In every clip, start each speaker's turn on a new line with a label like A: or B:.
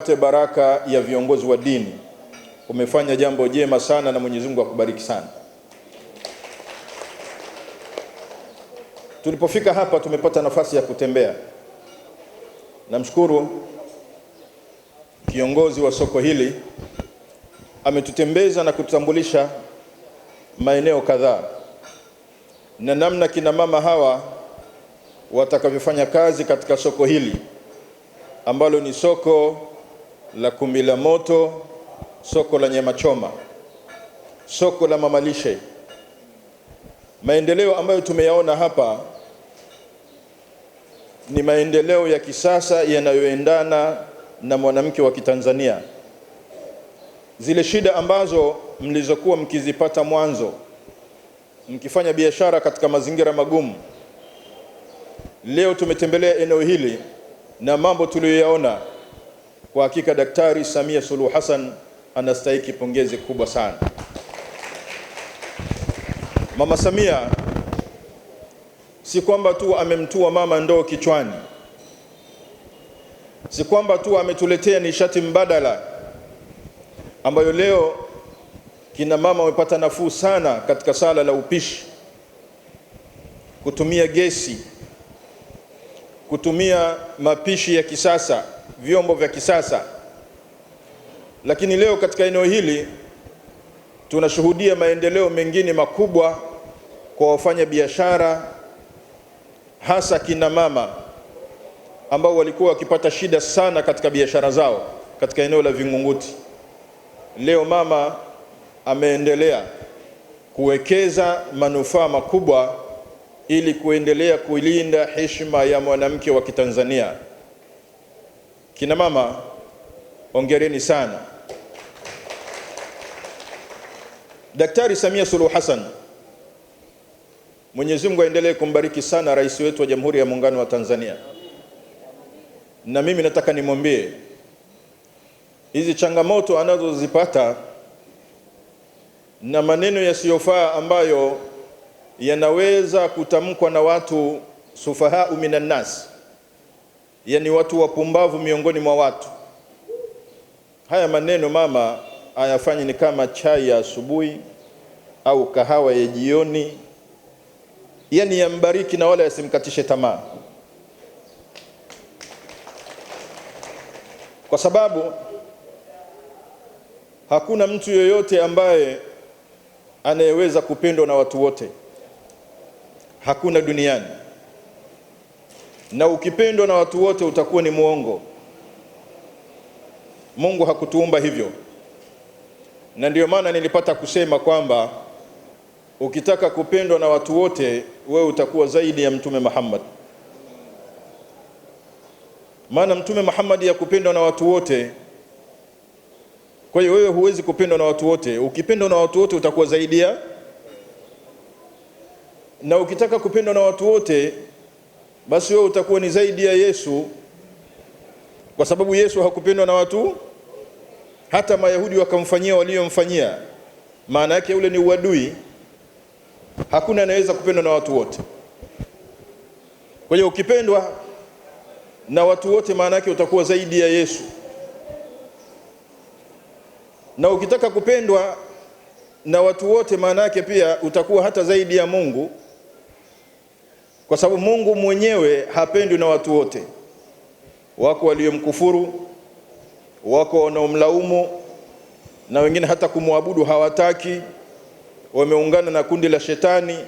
A: Pate baraka ya viongozi wa dini. Umefanya jambo jema sana na Mwenyezi Mungu akubariki sana. Tulipofika hapa tumepata nafasi ya kutembea. Namshukuru kiongozi wa soko hili ametutembeza na kututambulisha maeneo kadhaa na namna kina mama hawa watakavyofanya kazi katika soko hili ambalo ni soko la Kumi la Moto, soko la nyama choma, soko la mamalishe. Maendeleo ambayo tumeyaona hapa ni maendeleo ya kisasa yanayoendana na mwanamke wa Kitanzania. Zile shida ambazo mlizokuwa mkizipata mwanzo mkifanya biashara katika mazingira magumu, leo tumetembelea eneo hili na mambo tuliyoyaona kwa hakika Daktari Samia Suluhu Hassan anastahiki pongezi kubwa sana. Mama Samia si kwamba tu amemtua mama ndoo kichwani, si kwamba tu ametuletea nishati mbadala ambayo leo kina mama wamepata nafuu sana katika sala la upishi, kutumia gesi, kutumia mapishi ya kisasa vyombo vya kisasa. Lakini leo katika eneo hili tunashuhudia maendeleo mengine makubwa kwa wafanyabiashara, hasa kina mama ambao walikuwa wakipata shida sana katika biashara zao katika eneo la Vingunguti. Leo mama ameendelea kuwekeza manufaa makubwa ili kuendelea kuilinda heshima ya mwanamke wa Kitanzania. Kina mama ongereni sana. Daktari Samia Suluhu Hassan, Mwenyezi Mungu aendelee kumbariki sana rais wetu wa Jamhuri ya Muungano wa Tanzania. Na mimi nataka nimwambie hizi changamoto anazozipata na maneno yasiyofaa ambayo yanaweza kutamkwa na watu sufahau minan nas yani watu wapumbavu miongoni mwa watu. Haya maneno mama hayafanyi ni kama chai ya asubuhi au kahawa ya jioni, yani yambariki na wala yasimkatishe tamaa, kwa sababu hakuna mtu yoyote ambaye anayeweza kupendwa na watu wote, hakuna duniani na ukipendwa na watu wote utakuwa ni mwongo. Mungu hakutuumba hivyo, na ndio maana nilipata kusema kwamba ukitaka kupendwa na watu wote, wewe utakuwa zaidi ya Mtume Muhammad. Maana Mtume Muhammad ya kupendwa na watu wote. Kwa hiyo wewe huwezi kupendwa na watu wote. Ukipendwa na watu wote utakuwa zaidi ya, na ukitaka kupendwa na watu wote basi wewe utakuwa ni zaidi ya Yesu, kwa sababu Yesu hakupendwa na watu hata Mayahudi wakamfanyia waliyomfanyia. Maana yake ule ni uadui, hakuna anayeweza kupendwa na watu wote. Kwa hiyo ukipendwa na watu wote, maana yake utakuwa zaidi ya Yesu, na ukitaka kupendwa na watu wote, maana yake pia utakuwa hata zaidi ya Mungu kwa sababu Mungu mwenyewe hapendwi na watu wote. Wako waliomkufuru, wako wanaomlaumu, na wengine hata kumwabudu hawataki, wameungana na kundi la shetani.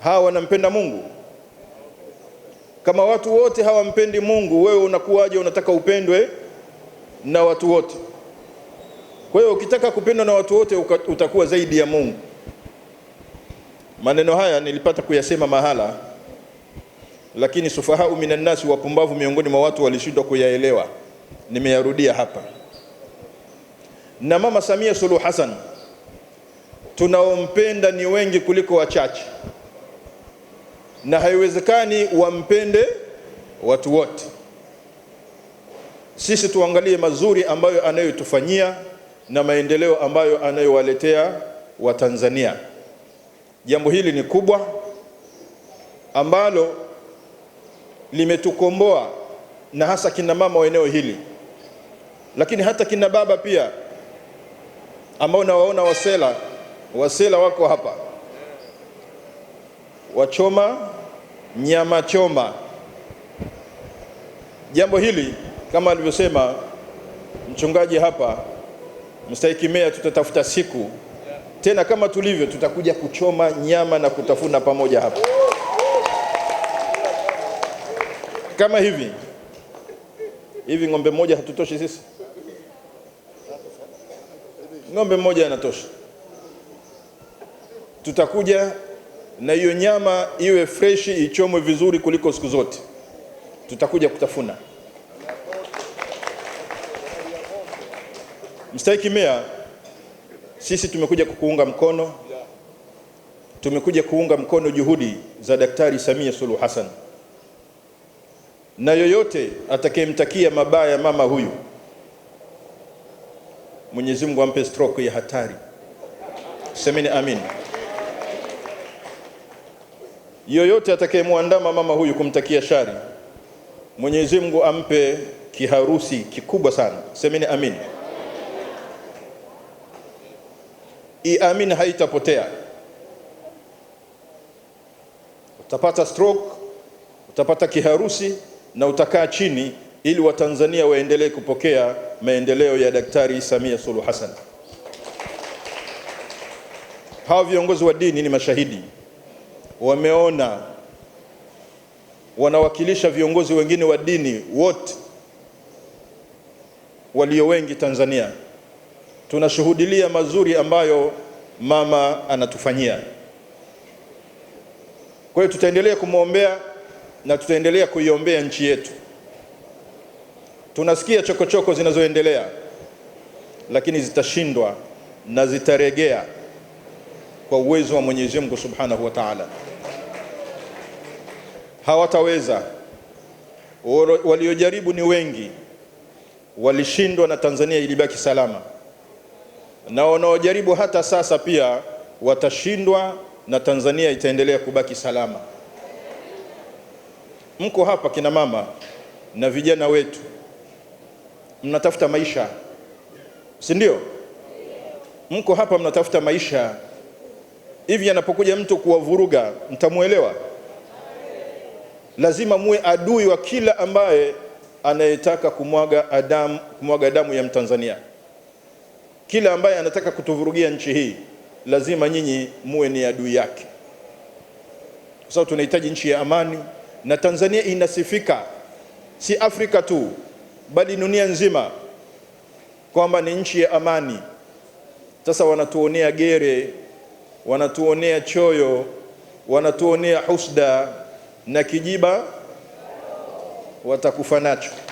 A: Hawa wanampenda Mungu. Kama watu wote hawampendi Mungu, wewe unakuwaje unataka upendwe na watu wote? Kwa hiyo ukitaka kupendwa na watu wote utakuwa zaidi ya Mungu. Maneno haya nilipata kuyasema mahala lakini sufahau minan nasi, wapumbavu miongoni mwa watu walishindwa kuyaelewa. Nimeyarudia hapa. Na Mama Samia Suluhu Hassan tunaompenda ni wengi kuliko wachache, na haiwezekani wampende watu wote. Sisi tuangalie mazuri ambayo anayotufanyia na maendeleo ambayo anayowaletea Watanzania. Jambo hili ni kubwa ambalo limetukomboa na hasa kina mama wa eneo hili, lakini hata kina baba pia ambao nawaona Wasela, Wasela wako hapa, wachoma nyama choma. Jambo hili kama alivyosema mchungaji hapa, mstahiki meya, tutatafuta siku tena kama tulivyo, tutakuja kuchoma nyama na kutafuna pamoja hapa. kama hivi hivi, ng'ombe mmoja hatutoshi sisi? Ng'ombe mmoja anatosha. Tutakuja na hiyo nyama iwe freshi, ichomwe vizuri kuliko siku zote. Tutakuja kutafuna. Mstahiki Meya, sisi tumekuja kukuunga mkono, tumekuja kuunga mkono juhudi za Daktari Samia Suluhu Hassan na yoyote atakayemtakia mabaya mama huyu Mwenyezi Mungu ampe stroke ya hatari. Semeni amin. Yoyote atakayemwandama mama huyu kumtakia shari, Mwenyezi Mungu ampe kiharusi kikubwa sana. Semeni amin. Iamin haitapotea. Utapata stroke, utapata kiharusi na utakaa chini ili Watanzania waendelee kupokea maendeleo ya Daktari Samia Suluhu Hassan. Hawa viongozi wa dini ni mashahidi, wameona, wanawakilisha viongozi wengine wa dini wote walio wengi Tanzania. Tunashuhudilia mazuri ambayo mama anatufanyia. Kwa hiyo tutaendelea kumwombea na tutaendelea kuiombea nchi yetu. Tunasikia chokochoko zinazoendelea, lakini zitashindwa na zitaregea kwa uwezo wa Mwenyezi Mungu Subhanahu wa Ta'ala. Hawataweza. Waliojaribu ni wengi, walishindwa na Tanzania ilibaki salama, na wanaojaribu hata sasa pia watashindwa na Tanzania itaendelea kubaki salama mko hapa kina mama na vijana wetu, mnatafuta maisha, si ndio? Mko hapa mnatafuta maisha. Hivi anapokuja mtu kuwavuruga, mtamwelewa? Lazima muwe adui wa kila ambaye anayetaka kumwaga adamu, kumwaga damu ya Mtanzania. Kila ambaye anataka kutuvurugia nchi hii, lazima nyinyi muwe ni adui yake, kwa sababu tunahitaji nchi ya amani na Tanzania inasifika si Afrika tu bali dunia nzima kwamba ni nchi ya amani. Sasa wanatuonea gere, wanatuonea choyo, wanatuonea husda na kijiba watakufa nacho.